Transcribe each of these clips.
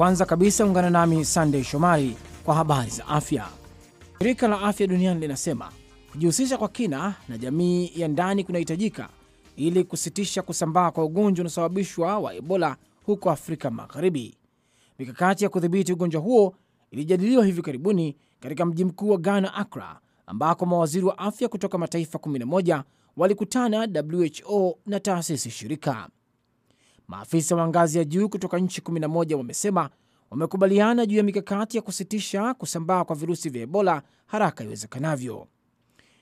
Kwanza kabisa ungana nami Sandey Shomari kwa habari za afya. Shirika la Afya Duniani linasema kujihusisha kwa kina na jamii ya ndani kunahitajika ili kusitisha kusambaa kwa ugonjwa unaosababishwa wa Ebola huko Afrika Magharibi. Mikakati ya kudhibiti ugonjwa huo ilijadiliwa hivi karibuni katika mji mkuu wa Ghana, Accra, ambako mawaziri wa afya kutoka mataifa 11 walikutana, WHO na taasisi shirika. Maafisa wa ngazi ya juu kutoka nchi 11 wamesema wamekubaliana juu ya mikakati ya kusitisha kusambaa kwa virusi vya Ebola haraka iwezekanavyo.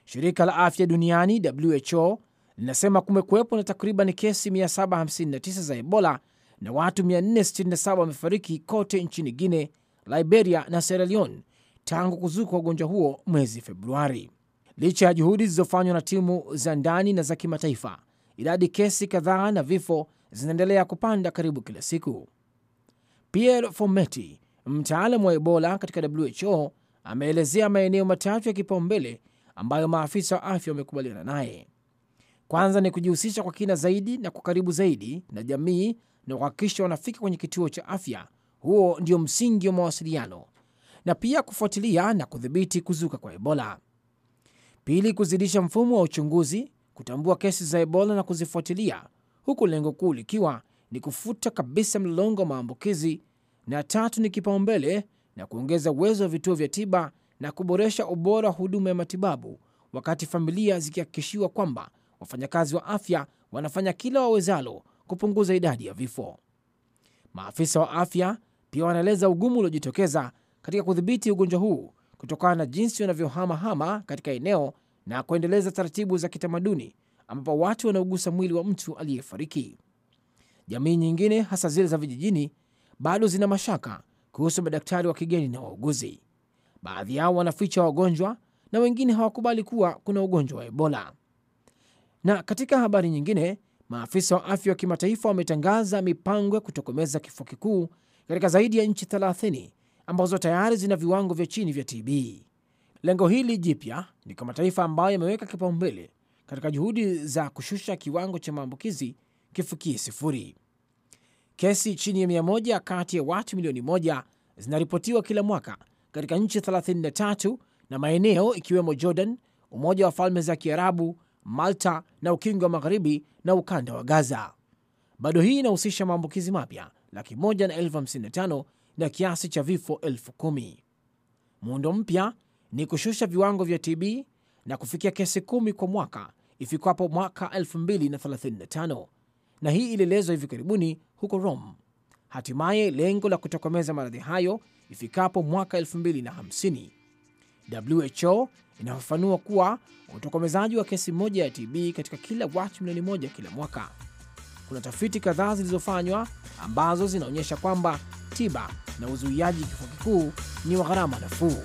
Shirika la afya duniani WHO linasema kumekuwepo na takriban kesi 759 za Ebola na watu 467 wamefariki kote nchini Guine, Liberia na Sierra Leone tangu kuzuka kwa ugonjwa huo mwezi Februari. Licha ya juhudi zilizofanywa na timu za ndani na za kimataifa, idadi kesi kadhaa na vifo zinaendelea kupanda karibu kila siku. Pierre Fometi, mtaalamu wa Ebola katika WHO, ameelezea maeneo matatu ya kipaumbele ambayo maafisa wa afya wamekubaliana naye. Kwanza ni kujihusisha kwa kina zaidi na kwa karibu zaidi na jamii na kuhakikisha wanafika kwenye kituo cha afya. Huo ndio msingi wa mawasiliano, na pia kufuatilia na kudhibiti kuzuka kwa Ebola. Pili, kuzidisha mfumo wa uchunguzi, kutambua kesi za Ebola na kuzifuatilia huku lengo kuu likiwa ni kufuta kabisa mlolongo wa maambukizi, na tatu ni kipaumbele na kuongeza uwezo wa vituo vya tiba na kuboresha ubora wa huduma ya matibabu, wakati familia zikihakikishiwa kwamba wafanyakazi wa afya wanafanya kila wawezalo kupunguza idadi ya vifo. Maafisa wa afya pia wanaeleza ugumu uliojitokeza katika kudhibiti ugonjwa huu kutokana na jinsi wanavyohamahama katika eneo na kuendeleza taratibu za kitamaduni ambapo watu wanaogusa mwili wa mtu aliyefariki. Jamii nyingine hasa zile za vijijini bado zina mashaka kuhusu madaktari wa kigeni na wauguzi. Baadhi yao wanaficha wagonjwa na wengine hawakubali kuwa kuna ugonjwa wa Ebola. Na katika habari nyingine, maafisa wa afya wa kimataifa wametangaza mipango ya kutokomeza kifua kikuu katika zaidi ya nchi 30 ambazo tayari zina viwango vya chini vya TB. Lengo hili jipya ni kwa mataifa ambayo yameweka kipaumbele katika juhudi za kushusha kiwango cha maambukizi kifikie sifuri. Kesi chini ya mia moja kati ya watu milioni moja zinaripotiwa kila mwaka katika nchi 33 na maeneo ikiwemo Jordan, Umoja wa Falme za Kiarabu, Malta na Ukingo wa Magharibi na ukanda wa Gaza. Bado hii inahusisha maambukizi mapya laki moja na elfu hamsini na tano na kiasi cha vifo elfu kumi. Muundo mpya ni kushusha viwango vya TB na kufikia kesi kumi kwa mwaka ifikapo mwaka 2035 na hii ilielezwa hivi karibuni huko Rome. Hatimaye lengo la kutokomeza maradhi hayo ifikapo mwaka 2050. WHO inafafanua kuwa utokomezaji wa kesi moja ya TB katika kila watu milioni moja kila mwaka. Kuna tafiti kadhaa zilizofanywa ambazo zinaonyesha kwamba tiba na uzuiaji kifua kikuu ni wa gharama nafuu.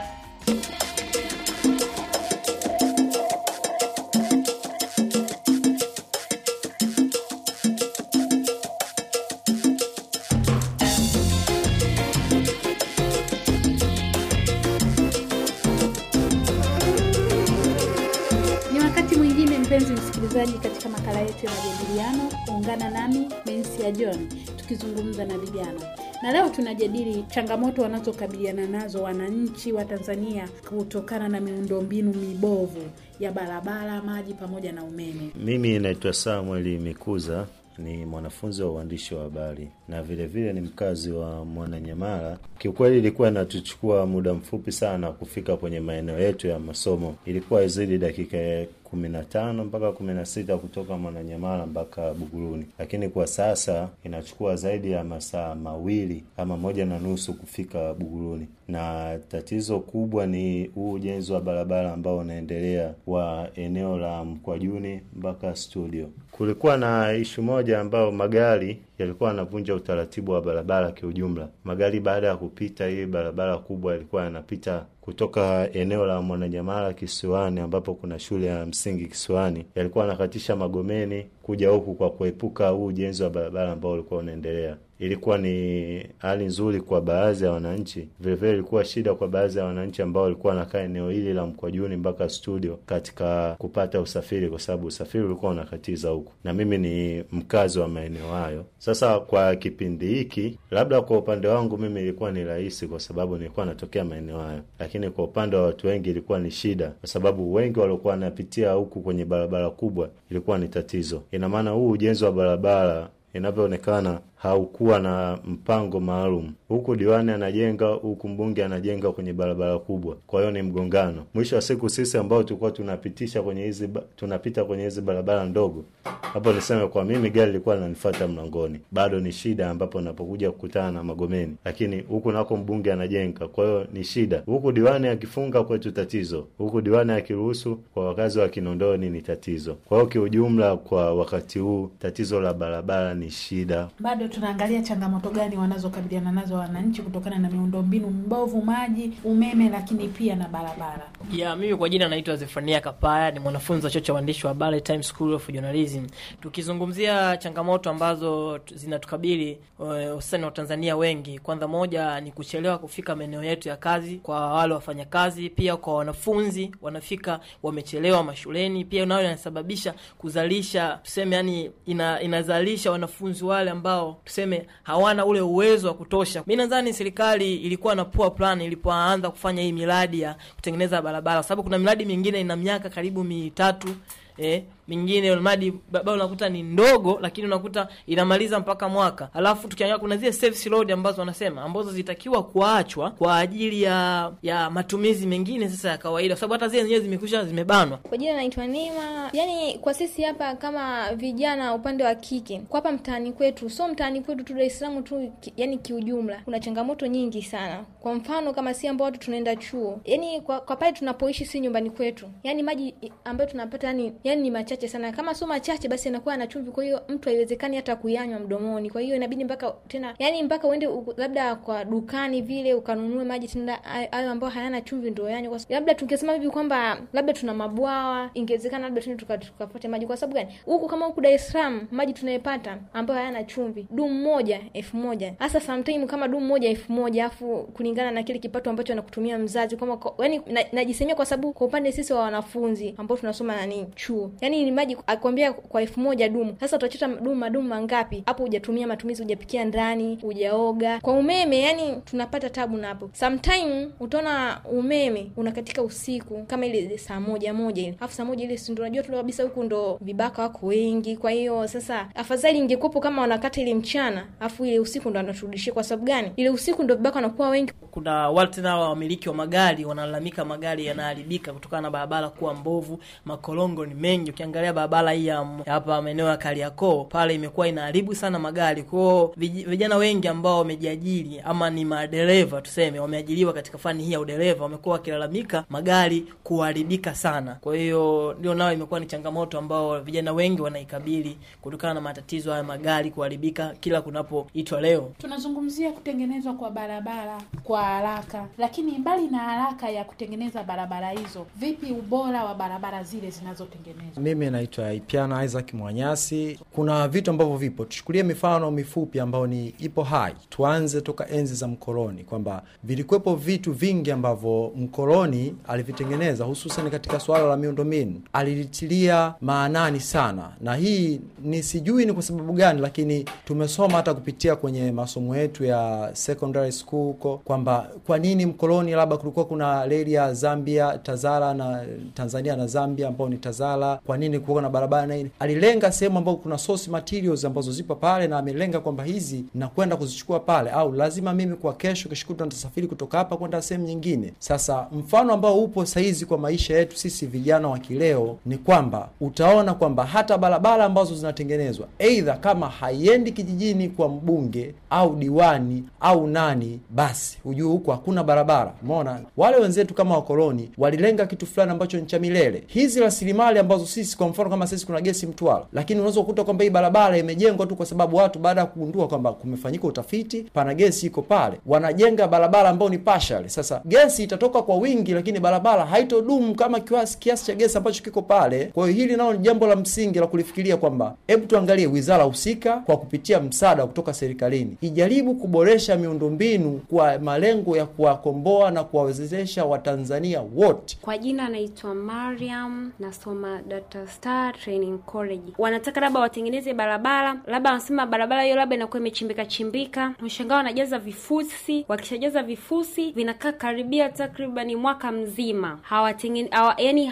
Dr. John tukizungumza na vijana, na leo tunajadili changamoto wanazokabiliana nazo wananchi wa Tanzania kutokana na miundombinu mibovu ya barabara, maji pamoja na umeme. Mimi naitwa Samuel Mikuza ni mwanafunzi wa uandishi wa habari na vilevile vile ni mkazi wa Mwananyamala. Kiukweli ilikuwa inatuchukua muda mfupi sana kufika kwenye maeneo yetu ya masomo, ilikuwa izidi dakika kumi na tano mpaka kumi na sita kutoka Mwananyamala mpaka Buguruni, lakini kwa sasa inachukua zaidi ya masaa mawili ama moja na nusu kufika Buguruni. Na tatizo kubwa ni huu ujenzi wa barabara ambao unaendelea wa eneo la Mkwajuni mpaka studio. Kulikuwa na ishu moja ambayo magari yalikuwa yanavunja utaratibu wa barabara kiujumla. Magari baada ya kupita hii barabara kubwa yalikuwa yanapita kutoka eneo la Mwananyamala kisiwani, ambapo kuna shule ya msingi kisiwani, yalikuwa anakatisha Magomeni kuja huku kwa kuepuka huu ujenzi wa barabara ambao ulikuwa unaendelea. Ilikuwa ni hali nzuri kwa baadhi ya wananchi, vilevile ilikuwa shida kwa baadhi ya wananchi ambao walikuwa wanakaa eneo hili la Mkwajuni mpaka studio katika kupata usafiri, kwa sababu usafiri ulikuwa unakatiza huku, na mimi ni mkazi wa maeneo hayo. Sasa kwa kipindi hiki, labda kwa upande wangu mimi ilikuwa ni rahisi, kwa sababu nilikuwa natokea maeneo hayo lakini kwa upande wa watu wengi ilikuwa ni shida, kwa sababu wengi waliokuwa wanapitia huku kwenye barabara kubwa ilikuwa ni tatizo. Ina maana huu ujenzi wa barabara inavyoonekana haukuwa na mpango maalum. Huku diwani anajenga, huku mbunge anajenga kwenye barabara kubwa, kwa hiyo ni mgongano. Mwisho wa siku sisi ambao tulikuwa tunapitisha kwenye hizi tunapita kwenye hizi barabara ndogo, hapo niseme kwa mimi gari lilikuwa linanifuata mlangoni, bado ni shida ambapo napokuja kukutana na Magomeni, lakini huku nako mbunge anajenga, kwa hiyo ni shida. Huku diwani akifunga kwetu tatizo, huku diwani akiruhusu kwa wakazi wa Kinondoni ni tatizo. Kwa hiyo kiujumla, kwa wakati huu tatizo la barabara ni shida bado tunaangalia changamoto gani wanazokabiliana nazo wananchi kutokana na miundombinu mbovu, maji, umeme, lakini pia na barabara. Yeah, mimi kwa jina naitwa Zefania Kapaya, ni mwanafunzi wa chuo cha uandishi wa habari School of Journalism. Tukizungumzia changamoto ambazo zinatukabili uh, hususani Watanzania wengi, kwanza moja ni kuchelewa kufika maeneo yetu ya kazi kwa wale wafanyakazi, pia kwa wanafunzi wanafika wamechelewa mashuleni, pia nayo inasababisha kuzalisha tuseme, yani ina, inazalisha wanafunzi wale ambao tuseme hawana ule uwezo wa kutosha. Mi nadhani serikali ilikuwa na poor plan ilipoanza kufanya hii miradi ya kutengeneza barabara, kwa sababu kuna miradi mingine ina miaka karibu mitatu eh, mingine ulmadi bao unakuta ni ndogo, lakini unakuta inamaliza mpaka mwaka. Alafu tukiangalia kuna zile safe load ambazo wanasema ambazo zitakiwa kuachwa kwa ajili ya ya matumizi mengine sasa ya kawaida, kwa sababu hata zile zenyewe zimekusha zimebanwa. Kwa jina naitwa Nima. Yani kwa sisi hapa kama vijana upande wa kike kwa hapa mtaani kwetu, so mtaani kwetu tu Dar es Salaam tu, yani kiujumla kuna changamoto nyingi sana. Kwa mfano kama si ambao watu tunaenda chuo, yani kwa, kwa pale tunapoishi si nyumbani kwetu, yani maji ambayo tunapata yani, yani ni machache machache sana. Kama sio machache, basi anakuwa na chumvi, kwa hiyo mtu haiwezekani hata kuyanywa mdomoni. Kwa hiyo inabidi mpaka tena, yani mpaka uende labda kwa dukani vile ukanunue maji tena hayo ambayo hayana chumvi ndio yanywe. Labda tungesema hivi kwamba labda tuna mabwawa, ingewezekana labda tuende tukapata maji. Kwa sababu gani? huko kama huko Dar es Salaam maji tunayepata ambayo hayana chumvi, dumu moja elfu moja hasa sometime kama dumu moja elfu moja afu kulingana na kile kipato ambacho anakutumia mzazi, kama yani najisemea na kwa sababu kwa upande sisi wa wanafunzi ambao tunasoma nani chuo yani yani ni maji akwambia kwa elfu moja dumu. Sasa utachota dumu madumu mangapi? Hapo hujatumia matumizi, hujapikia ndani, hujaoga. Kwa umeme yani tunapata tabu hapo. Sometime utaona umeme unakatika usiku kama ile saa moja moja ile, alafu saa moja ile si unajua tu kabisa huku ndo vibaka wako wengi. Kwa hiyo sasa afadhali ingekuwepo kama wanakata ile mchana, alafu ile usiku ndo anaturudishia. Kwa sababu gani? Ile usiku ndo vibaka wanakuwa wengi. Kuna watu tena wamiliki wa magari wanalalamika magari yanaharibika kutokana na barabara kuwa mbovu, makolongo ni mengi ukiangalia barabara hii hapa maeneo ya Kariakoo pale imekuwa inaharibu sana magari. Kwao vijana wengi ambao wamejiajiri ama ni madereva tuseme, wameajiriwa katika fani hii ya udereva, wamekuwa wakilalamika magari kuharibika sana. Kwa hiyo ndio nao imekuwa ni changamoto ambao vijana wengi wanaikabili kutokana na matatizo haya magari kuharibika kila kunapoitwa. Leo tunazungumzia kutengenezwa kwa barabara kwa haraka, lakini mbali na haraka ya kutengeneza barabara hizo, vipi ubora wa barabara zile zinazotengenezwa? mimi naitwa Ipiana Isaac Mwanyasi. Kuna vitu ambavyo vipo, tuchukulie mifano mifupi ambayo ni ipo hai. Tuanze toka enzi za mkoloni, kwamba vilikuwepo vitu vingi ambavyo mkoloni alivitengeneza, hususan katika suala la miundombinu alilitilia maanani sana, na hii ni sijui ni kwa sababu gani, lakini tumesoma hata kupitia kwenye masomo yetu ya secondary school huko kwamba kwa nini mkoloni, labda kulikuwa kuna reli ya Zambia Tazara na Tanzania na Zambia ambao ni Tazara, kwa nini nini kuona barabara na nini, alilenga sehemu ambayo kuna source materials ambazo zipo pale, na amelenga kwamba hizi na kwenda kuzichukua pale, au lazima mimi kwa kesho kishikuta nitasafiri kutoka hapa kwenda sehemu nyingine. Sasa mfano ambao upo sahizi kwa maisha yetu sisi vijana wa kileo ni kwamba utaona kwamba hata barabara ambazo zinatengenezwa aidha kama haiendi kijijini kwa mbunge au diwani au nani, basi hujue huko hakuna barabara. Umeona wale wenzetu kama wakoloni walilenga kitu fulani ambacho ni cha milele. Hizi rasilimali ambazo sisi kwa mfano kama sisi kuna gesi Mtwara, lakini unaweza kukuta kwamba hii barabara imejengwa tu kwa sababu watu baada ya kugundua kwamba kumefanyika utafiti, pana gesi iko pale, wanajenga barabara ambayo ni partial. Sasa gesi itatoka kwa wingi, lakini barabara haitodumu kama kiasi kiasi cha gesi ambacho kiko pale. Kwa hiyo hili nalo ni jambo la msingi la kulifikiria kwamba hebu tuangalie wizara husika kwa kupitia msaada kutoka serikalini ijaribu kuboresha miundombinu kwa malengo ya kuwakomboa na kuwawezesha Watanzania wote. Kwa jina anaitwa Mariam, nasoma data Star Training College. Wanataka labda watengeneze barabara, labda wanasema barabara hiyo labda inakuwa imechimbika chimbika, mshangao wanajaza vifusi. Wakishajaza vifusi vinakaa karibia takribani mwaka mzima hawatengene, hawa, yani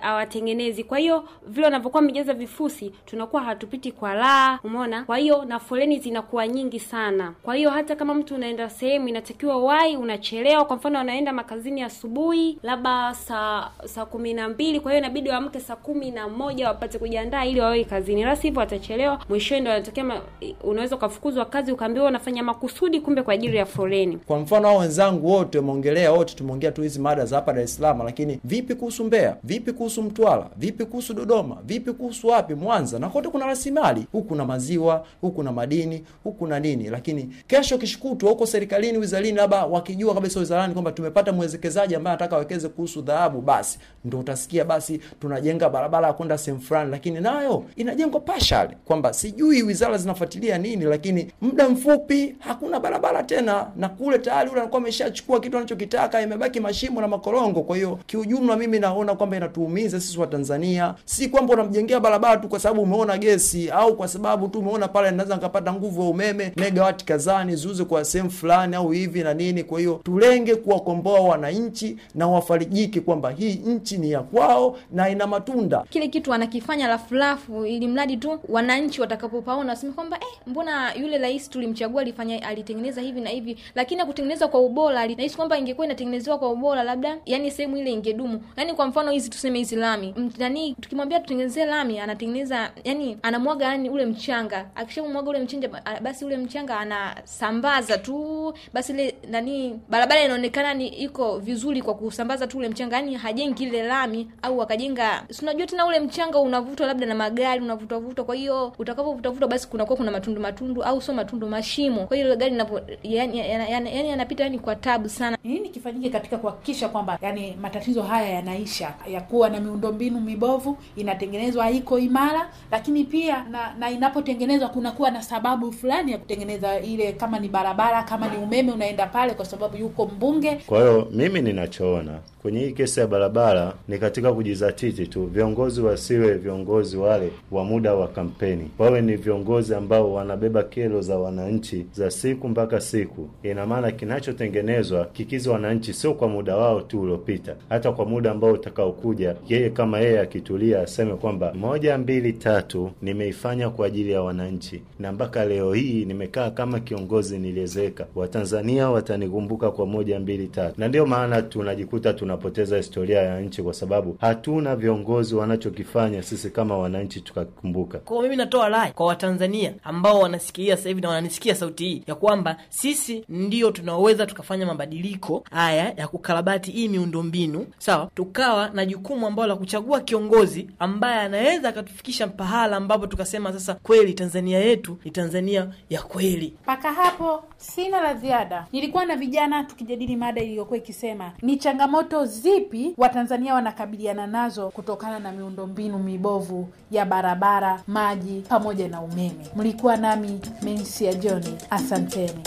hawatengenezi. Kwa hiyo vile wanavyokuwa wamejaza vifusi tunakuwa hatupiti kwa laa umeona? Kwa hiyo na foleni zinakuwa nyingi sana. Kwa hiyo hata kama mtu unaenda sehemu inatakiwa wai, unachelewa. Kwa mfano wanaenda makazini asubuhi labda saa saa kumi na mbili, kwa hiyo inabidi uamke saa saa kumi na moja wapate kujiandaa ili wawe kazini, la sivyo watachelewa. Mwishowe ndo wanatokea, unaweza ukafukuzwa kazi ukaambiwa unafanya makusudi, kumbe kwa ajili ya foreni Kwa mfano hao wenzangu wote umeongelea, wote tumeongea tu hizi mada za hapa Dar es Salaam, lakini vipi kuhusu mbea Vipi kuhusu mtwala Vipi kuhusu Dodoma? Vipi kuhusu wapi, Mwanza? Na kote kuna rasimali huku na maziwa, huku na madini, huku na nini, lakini kesho kishikutwa huko serikalini, wizarini, labda wakijua kabisa wizarani kwamba tumepata mwezekezaji ambaye anataka awekeze kuhusu dhahabu, basi ndo utasikia basi tunajenga kujenga barabara ya kwenda sehemu fulani, lakini nayo inajengwa pashali, kwamba sijui wizara zinafuatilia nini, lakini muda mfupi hakuna barabara tena, na kule tayari ule anakuwa ameshachukua kitu anachokitaka, imebaki mashimo na makorongo. Kwa hiyo kiujumla, mimi naona kwamba inatuumiza sisi Watanzania, si kwamba unamjengea barabara tu kwa sababu umeona gesi au kwa sababu tu umeona pale naweza nikapata nguvu ya umeme megawati kazani ziuze kwa sehemu fulani au hivi na nini. Kwa hiyo tulenge kuwakomboa wananchi na wafarijike kwamba hii nchi ni ya kwao na ina matunda. Kile kitu wanakifanya lafulafu, ili mradi tu wananchi watakapopaona waseme kwamba eh, mbona yule rais tulimchagua alifanya alitengeneza hivi na hivi, lakini hakutengeneza kwa ubora. Nahisi kwamba ingekuwa inatengenezewa kwa ubora, labda yani sehemu ile ingedumu. Yani kwa mfano hizi tuseme hizi lami nani, tukimwambia tutengenezee lami anatengeneza, yani anamwaga yani ule mchanga, akishamwaga ule mchanga, basi ule mchanga anasambaza tu, basi ile nani barabara inaonekana ni iko vizuri kwa kusambaza tu ule mchanga, yani hajengi ile lami au akajenga unajua tena ule mchanga unavutwa labda na magari unavutwa vutwa, kwa hiyo utakapovuta vutwa basi kunakuwa kuna matundu matundu, au sio matundu, mashimo. Kwa hiyo gari linapo yani yanapita yani, yani, yani, yani kwa tabu sana. Nini kifanyike katika kuhakikisha kwamba yani matatizo haya yanaisha, ya kuwa na miundombinu mibovu inatengenezwa iko imara, lakini pia na, na inapotengenezwa kunakuwa na sababu fulani ya kutengeneza ile, kama ni barabara, kama ni umeme unaenda pale kwa sababu yuko mbunge. Kwa hiyo mimi ninachoona kwenye hii kesi ya barabara ni katika kujizatiti tu, viongozi wasiwe viongozi wale wa muda wa kampeni, wawe ni viongozi ambao wanabeba kero za wananchi za siku mpaka siku. Ina maana kinachotengenezwa kikizi wananchi sio kwa muda wao tu uliopita, hata kwa muda ambao utakaokuja. Yeye kama yeye akitulia aseme kwamba moja, mbili, tatu nimeifanya kwa ajili ya wananchi, na mpaka leo hii nimekaa kama kiongozi niliezeka, Watanzania watanikumbuka kwa moja, mbili, tatu, na ndio maana tunajikuta tuna tunapoteza historia ya nchi, kwa sababu hatuna viongozi wanachokifanya sisi kama wananchi tukakumbuka. Kwa mimi natoa rai kwa Watanzania ambao wanasikia sasa hivi na wananisikia sauti hii ya kwamba sisi ndio tunaweza tukafanya mabadiliko haya ya kukarabati hii miundombinu, sawa, tukawa na jukumu ambalo la kuchagua kiongozi ambaye anaweza akatufikisha pahala ambapo tukasema sasa kweli Tanzania yetu ni Tanzania ya kweli. Mpaka hapo sina la ziada. Nilikuwa na vijana tukijadili mada iliyokuwa ikisema ni changamoto zipi Watanzania wanakabiliana nazo kutokana na miundombinu mibovu ya barabara, maji pamoja na umeme. Mlikuwa nami Mensia Johni, asanteni.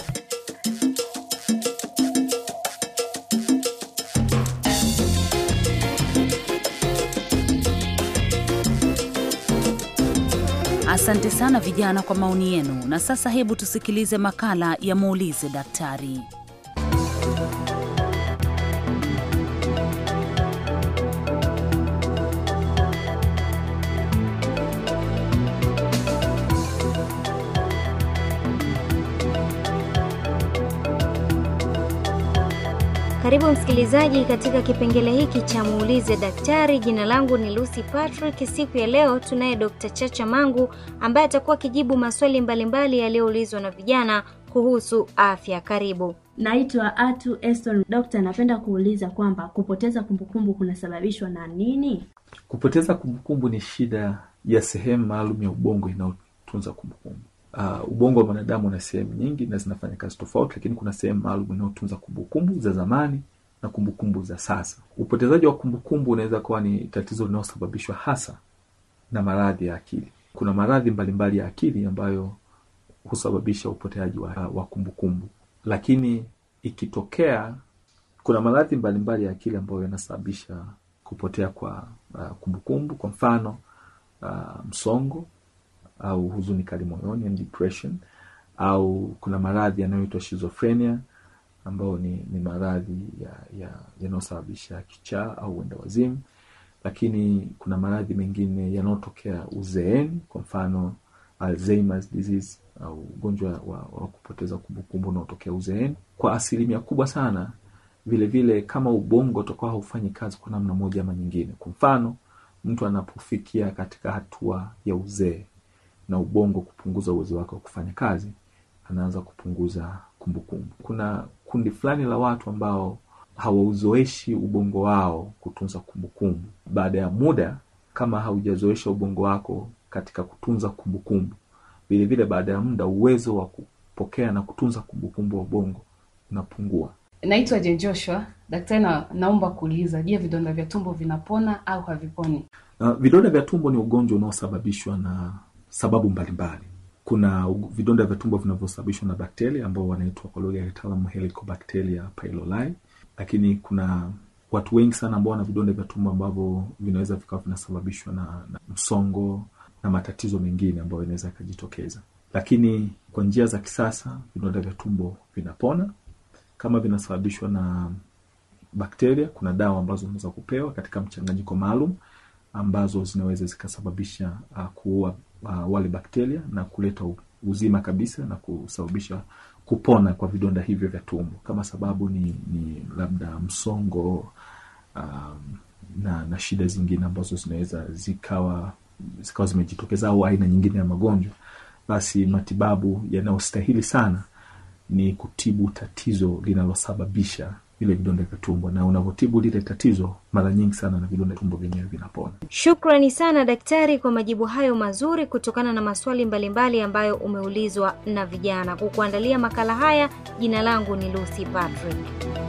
Asante sana vijana kwa maoni yenu. Na sasa hebu tusikilize makala ya muulize daktari. Karibu msikilizaji katika kipengele hiki cha muulize daktari. Jina langu ni Lucy Patrick. Siku ya leo tunaye Dr. Chacha Mangu ambaye atakuwa akijibu maswali mbalimbali yaliyoulizwa na vijana kuhusu afya. Karibu. Naitwa Atu Eston. Dokta, napenda kuuliza kwamba kupoteza kumbukumbu kunasababishwa na nini? Kupoteza kumbukumbu ni shida ya sehemu maalum ya ubongo inayotunza kumbukumbu uh, ubongo wa mwanadamu una sehemu nyingi na zinafanya kazi tofauti, lakini kuna sehemu maalum inayotunza kumbukumbu za zamani na kumbukumbu za sasa. Upotezaji wa kumbukumbu unaweza kuwa ni tatizo linalosababishwa hasa na maradhi ya akili. Kuna maradhi mbalimbali ya akili ambayo husababisha upoteaji wa ah, kumbukumbu kumbu. Lakini ikitokea kuna maradhi mbalimbali ya akili ambayo yanasababisha kupotea kwa ah, kumbukumbu uh, kumbu. Kwa mfano uh, msongo au huzuni kali moyoni, yani depression, au kuna maradhi yanayoitwa schizophrenia ambayo ni, ni maradhi yanayosababisha ya, ya kichaa au uenda wazimu, lakini kuna maradhi mengine yanayotokea uzeeni, kwa mfano Alzheimer's disease au ugonjwa wa, wa kupoteza kumbukumbu unaotokea uzeeni kwa asilimia kubwa sana. Vilevile vile, kama ubongo utakuwa haufanyi kazi kwa namna moja ama nyingine, kwa mfano mtu anapofikia katika hatua ya uzee na ubongo kupunguza uwezo wake wa kufanya kazi, anaanza kupunguza kumbukumbu kumbu. Kuna kundi fulani la watu ambao hawauzoeshi ubongo wao kutunza kumbukumbu. Baada ya muda, kama haujazoesha ubongo wako katika kutunza kumbukumbu, vilevile baada ya muda uwezo wa kupokea na kutunza kumbukumbu wa ubongo unapungua. Naitwa Jen Joshua. Daktari, na naomba kuuliza, je, vidonda vya tumbo vinapona au haviponi? Uh, vidonda vya tumbo ni ugonjwa unaosababishwa na sababu mbalimbali. Kuna vidonda vya tumbo vinavyosababishwa na bakteria ambao wanaitwa kwa lugha ya kitaalamu helicobacteria pylori, lakini kuna watu wengi sana ambao wana vidonda vya tumbo ambavyo vinaweza vikawa vinasababishwa na, na msongo na matatizo mengine ambayo inaweza yakajitokeza. Lakini kwa njia za kisasa vidonda vya tumbo vinapona. Kama vinasababishwa na bakteria, kuna dawa ambazo unaweza kupewa katika mchanganyiko maalum ambazo zinaweza zikasababisha uh, kuua uh, wale bakteria na kuleta uzima kabisa na kusababisha kupona kwa vidonda hivyo vya tumbo. Kama sababu ni, ni labda msongo um, na, na shida zingine ambazo zinaweza zikawa zikawa zimejitokeza au aina nyingine ya magonjwa, basi matibabu yanayostahili sana ni kutibu tatizo linalosababisha vile vidonda vya tumbo, na unavyotibu lile tatizo, mara nyingi sana na vidonda vya tumbo vyenyewe vinapona. Shukrani sana daktari kwa majibu hayo mazuri, kutokana na maswali mbalimbali mbali ambayo umeulizwa na vijana. Kukuandalia makala haya, jina langu ni Lucy Patrick.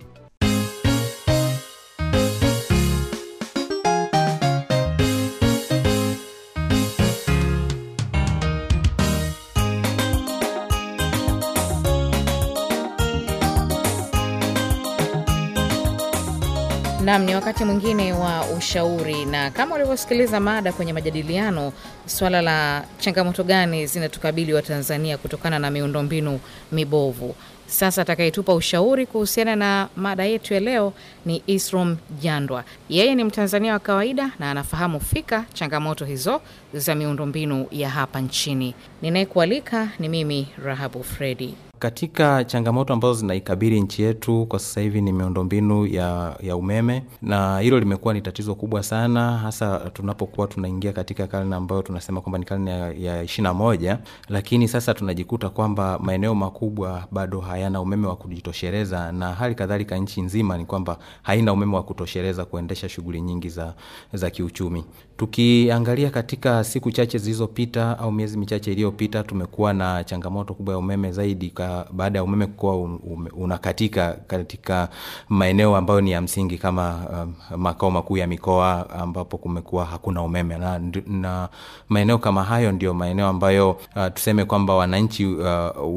Nam, ni wakati mwingine wa ushauri, na kama ulivyosikiliza mada kwenye majadiliano, swala la changamoto gani zinatukabili tanzania kutokana na miundombinu mibovu. Sasa atakayetupa ushauri kuhusiana na mada yetu ya leo ni Isrom Jandwa. Yeye ni Mtanzania wa kawaida na anafahamu fika changamoto hizo za miundombinu ya hapa nchini. Ninayekualika ni mimi Rahabu Fredi. Katika changamoto ambazo zinaikabili nchi yetu kwa sasa hivi ni miundombinu ya, ya umeme, na hilo limekuwa ni tatizo kubwa sana, hasa tunapokuwa tunaingia katika karne ambayo tunasema kwamba ni karne ya, ishirina moja, lakini sasa tunajikuta kwamba maeneo makubwa bado hayana umeme wa kujitoshereza na hali kadhalika nchi nzima ni kwamba haina umeme wa kutoshereza kuendesha shughuli nyingi za, za kiuchumi. Tukiangalia katika siku chache zilizopita au miezi michache iliyopita, tumekuwa na changamoto kubwa ya umeme zaidi baada ya umeme kuwa um, unakatika katika maeneo ambayo ni ya msingi kama um, makao makuu ya mikoa ambapo kumekuwa hakuna umeme na, na maeneo kama hayo ndio maeneo ambayo uh, tuseme kwamba wananchi uh,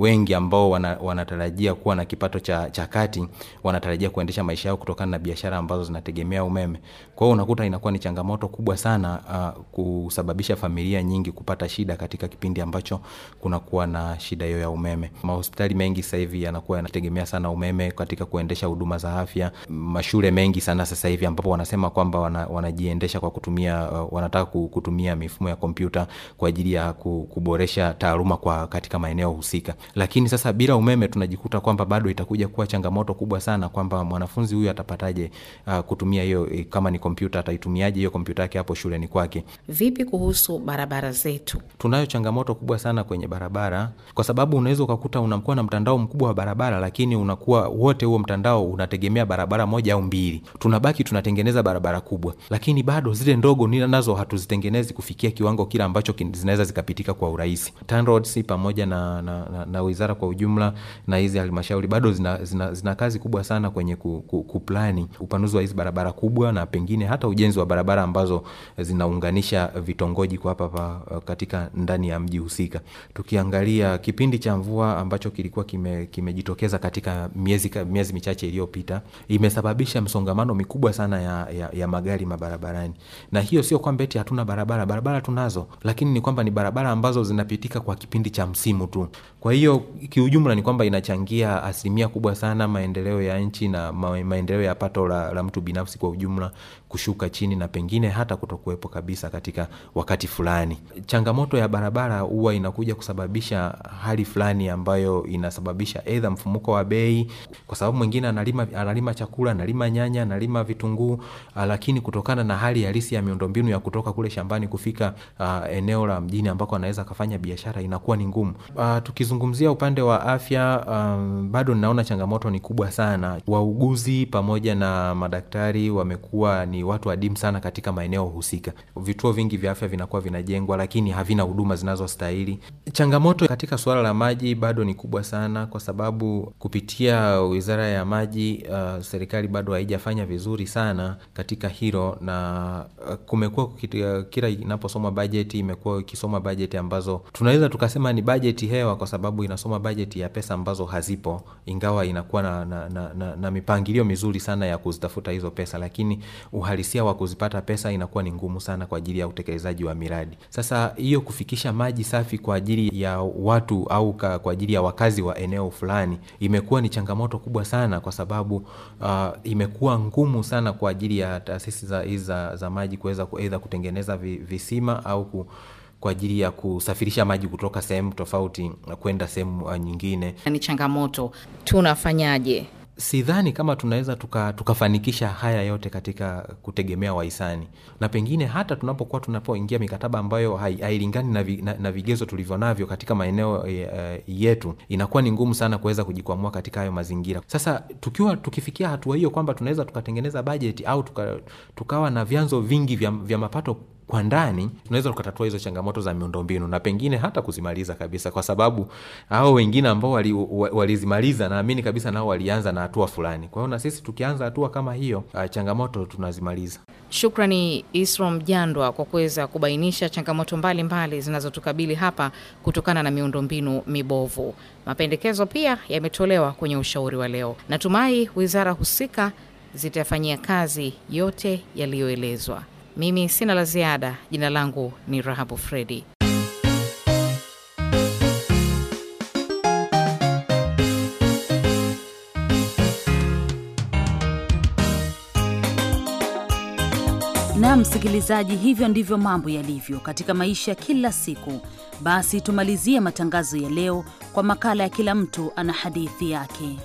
wengi ambao wana, wanatarajia kuwa na kipato cha, cha kati wanatarajia kuendesha maisha yao kutokana na biashara ambazo zinategemea umeme. Kwa hiyo unakuta inakuwa ni changamoto kubwa sana uh, kusababisha familia nyingi kupata shida katika kipindi ambacho kunakuwa na shida hiyo ya umeme. Mahospitali mengi sasa hivi yanakuwa yanategemea sana umeme katika kuendesha huduma za afya. Mashule mengi sana sasa hivi ambapo wanasema kwamba wana, wanajiendesha kwa kutumia uh, wanataka kutumia mifumo ya kompyuta kwa ajili ya kuboresha taaluma kwa katika maeneo husika. Lakini sasa bila umeme tunajikuta kwamba bado itakuja kuwa changamoto kubwa sana kwamba mwanafunzi huyu atapataje uh, kutumia hiyo kama ni kompyuta ataitumiaje hiyo kompyuta yake hapo shuleni nyumbani kwake. Vipi kuhusu barabara zetu? Tunayo changamoto kubwa sana kwenye barabara, kwa sababu unaweza ukakuta unakuwa na mtandao mkubwa wa barabara, lakini unakuwa wote huo mtandao unategemea barabara moja au mbili. Tunabaki tunatengeneza barabara kubwa, lakini bado zile ndogo ni nazo hatuzitengenezi kufikia kiwango kile ambacho zinaweza zikapitika kwa urahisi. TANROADS pamoja na, na, na, na wizara kwa ujumla na hizi halmashauri bado zina, zina, zina kazi kubwa sana kwenye kuplani ku, ku upanuzi wa hizi barabara kubwa na pengine hata ujenzi wa barabara ambazo zinaunganisha vitongoji kwa hapa eh, katika ndani ya mji husika. Tukiangalia kipindi cha mvua ambacho kilikuwa kimejitokeza kime katika miezi, miezi michache iliyopita imesababisha msongamano mikubwa sana ya, ya, ya magari mabarabarani, na hiyo sio kwamba eti hatuna barabara, barabara tunazo, lakini ni kwamba ni barabara ambazo zinapitika kwa kipindi cha msimu tu. Kwa hiyo kiujumla ni kwamba inachangia asilimia kubwa sana maendeleo ya nchi na maendeleo ya pato la, la mtu binafsi kwa ujumla kushuka chini na pengine hata kutokuwepo kabisa katika wakati fulani. Changamoto ya barabara huwa inakuja kusababisha hali fulani ambayo inasababisha aidha mfumuko wa bei, kwa sababu mwingine analima, analima chakula, analima nyanya, analima vitunguu, ah, lakini kutokana na hali halisi ya miundombinu ya kutoka kule shambani kufika uh, eneo la mjini ambako anaweza akafanya biashara inakuwa ni ngumu. Uh, tukizungumzia upande wa afya um, bado ninaona changamoto ni kubwa sana. Wauguzi pamoja na madaktari wamekuwa ni watu adimu sana katika maeneo husika. Vituo vingi vya afya vinakuwa vinajengwa, lakini havina huduma zinazostahili. Changamoto katika suala la maji bado ni kubwa sana, kwa sababu kupitia wizara ya maji uh, serikali bado haijafanya vizuri sana katika hilo, na uh, kumekuwa uh, kila inaposoma bajeti imekuwa ikisoma bajeti ambazo tunaweza tukasema ni bajeti hewa, kwa sababu inasoma bajeti ya pesa ambazo hazipo, ingawa inakuwa na, na, na, na, na mipangilio mizuri sana ya kuzitafuta hizo pesa, lakini uh, uhalisia wa kuzipata pesa inakuwa ni ngumu sana kwa ajili ya utekelezaji wa miradi. Sasa hiyo kufikisha maji safi kwa ajili ya watu au kwa ajili ya wakazi wa eneo fulani imekuwa ni changamoto kubwa sana, kwa sababu uh, imekuwa ngumu sana kwa ajili ya taasisi za, za, za maji kuweza aidha kutengeneza visima au ku, kwa ajili ya kusafirisha maji kutoka sehemu tofauti kwenda sehemu ah, nyingine. Ni changamoto, tunafanyaje? sidhani kama tunaweza tukafanikisha haya yote katika kutegemea wahisani na pengine hata tunapokuwa tunapoingia mikataba ambayo hailingani na, vi, na, na vigezo tulivyo navyo katika maeneo uh, yetu inakuwa ni ngumu sana kuweza kujikwamua katika hayo mazingira sasa tukiwa tukifikia hatua hiyo kwamba tunaweza tukatengeneza bajeti au tuka, tukawa na vyanzo vingi vya, vya mapato kwa ndani tunaweza tukatatua hizo changamoto za miundombinu na pengine hata kuzimaliza kabisa, kwa sababu hao wengine ambao walizimaliza wali naamini kabisa nao walianza na hatua fulani. Kwa hiyo na sisi tukianza hatua kama hiyo, ah, changamoto tunazimaliza. Shukrani isro Mjandwa kwa kuweza kubainisha changamoto mbalimbali zinazotukabili hapa kutokana na miundombinu mibovu. Mapendekezo pia yametolewa kwenye ushauri wa leo. Natumai wizara husika zitafanyia kazi yote yaliyoelezwa. Mimi sina la ziada. Jina langu ni Rahabu Fredi. Na msikilizaji, hivyo ndivyo mambo yalivyo katika maisha ya kila siku. Basi tumalizie matangazo ya leo kwa makala ya kila mtu ana hadithi yake.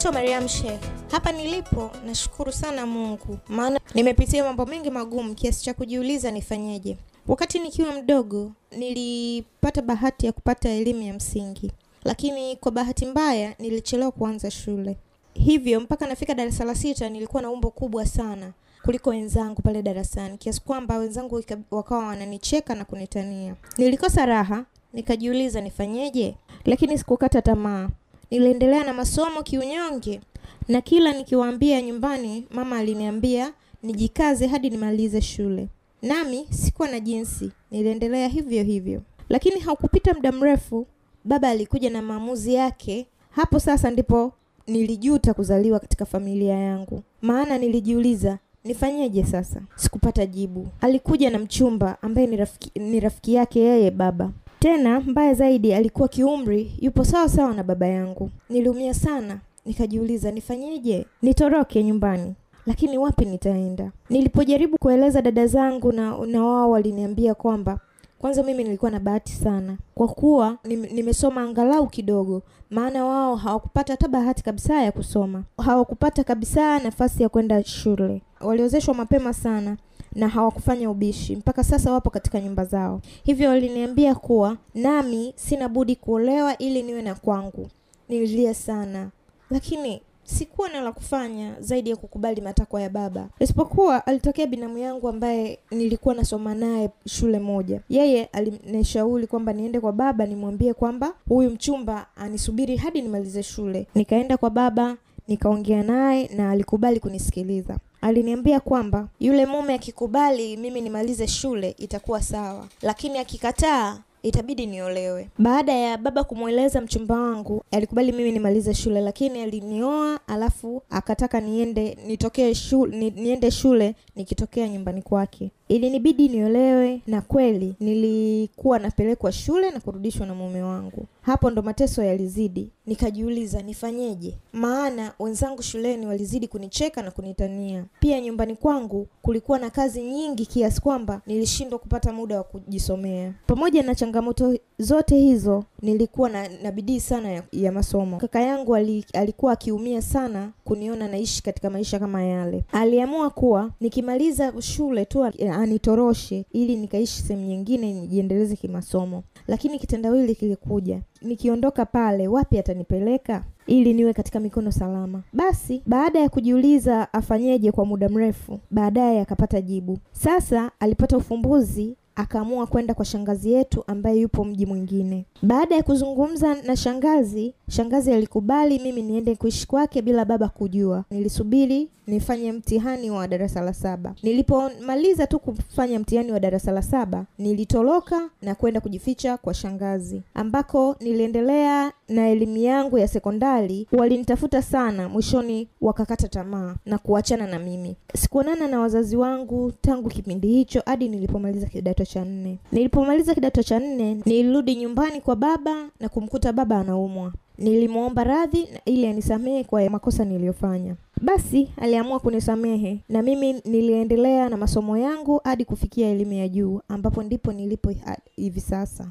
Naitwa Mariam Sheikh. Hapa nilipo nashukuru sana Mungu, maana nimepitia mambo mengi magumu kiasi cha kujiuliza nifanyeje. Wakati nikiwa mdogo nilipata bahati ya kupata elimu ya msingi, lakini kwa bahati mbaya nilichelewa kuanza shule, hivyo mpaka nafika darasa la sita nilikuwa na umbo kubwa sana kuliko wenzangu pale darasani, kiasi kwamba wenzangu wakawa wananicheka na kunitania. Nilikosa raha, nikajiuliza nifanyeje, lakini sikukata tamaa. Niliendelea na masomo kiunyonge, na kila nikiwaambia nyumbani, mama aliniambia nijikaze hadi nimalize shule, nami sikuwa na jinsi, niliendelea hivyo hivyo. Lakini haukupita muda mrefu, baba alikuja na maamuzi yake. Hapo sasa ndipo nilijuta kuzaliwa katika familia yangu, maana nilijiuliza nifanyeje sasa? Sikupata jibu. Alikuja na mchumba ambaye ni rafiki, ni rafiki yake yeye baba. Tena mbaya zaidi, alikuwa kiumri yupo sawa sawa na baba yangu. Niliumia sana, nikajiuliza nifanyeje, nitoroke nyumbani lakini wapi nitaenda? Nilipojaribu kueleza dada zangu na, na wao waliniambia kwamba kwanza mimi nilikuwa na bahati sana kwa kuwa nimesoma angalau kidogo, maana wao hawakupata hata bahati kabisa ya kusoma, hawakupata kabisa nafasi ya kwenda shule, waliozeshwa mapema sana na hawakufanya ubishi. Mpaka sasa wapo katika nyumba zao. Hivyo waliniambia kuwa nami sina budi kuolewa ili niwe na kwangu. Nililia sana, lakini sikuwa na la kufanya zaidi ya kukubali matakwa ya baba. Isipokuwa alitokea binamu yangu ambaye nilikuwa nasoma naye shule moja. Yeye alinishauri kwamba niende kwa baba nimwambie kwamba huyu mchumba anisubiri hadi nimalize shule. Nikaenda kwa baba, nikaongea naye na alikubali kunisikiliza. Aliniambia kwamba yule mume akikubali mimi nimalize shule itakuwa sawa, lakini akikataa itabidi niolewe. Baada ya baba kumweleza mchumba wangu, alikubali mimi nimalize shule, lakini alinioa, alafu akataka niende nitokee shule, ni, niende shule nikitokea nyumbani kwake ilinibidi niolewe, na kweli nilikuwa napelekwa shule na kurudishwa na mume wangu. Hapo ndo mateso yalizidi, nikajiuliza nifanyeje, maana wenzangu shuleni walizidi kunicheka na kunitania. Pia nyumbani kwangu kulikuwa na kazi nyingi kiasi kwamba nilishindwa kupata muda wa kujisomea. Pamoja na changamoto zote hizo, nilikuwa na, na bidii sana ya, ya masomo. Kaka yangu ali, alikuwa akiumia sana kuniona naishi katika maisha kama yale. Aliamua kuwa nikimaliza shule tu anitoroshe ili nikaishi sehemu nyingine nijiendeleze kimasomo. Lakini kitendawili kilikuja, nikiondoka pale wapi atanipeleka ili niwe katika mikono salama. Basi baada ya kujiuliza afanyeje kwa muda mrefu, baadaye akapata jibu. Sasa alipata ufumbuzi akaamua kwenda kwa shangazi yetu ambaye yupo mji mwingine. Baada ya kuzungumza na shangazi, shangazi alikubali mimi niende kuishi kwake bila baba kujua. Nilisubiri nifanye mtihani wa darasa la saba. Nilipomaliza tu kufanya mtihani wa darasa la saba, nilitoroka na kwenda kujificha kwa shangazi, ambako niliendelea na elimu yangu ya sekondari. Walinitafuta sana, mwishoni wakakata tamaa na kuachana na mimi. Sikuonana na wazazi wangu tangu kipindi hicho hadi nilipomaliza kidato cha nne. Nilipomaliza kidato cha nne, nilirudi nyumbani kwa baba na kumkuta baba anaumwa. Nilimwomba radhi ili anisamehe kwa makosa niliyofanya. Basi aliamua kunisamehe na mimi niliendelea na masomo yangu hadi kufikia elimu ya juu ambapo ndipo nilipo hivi sasa.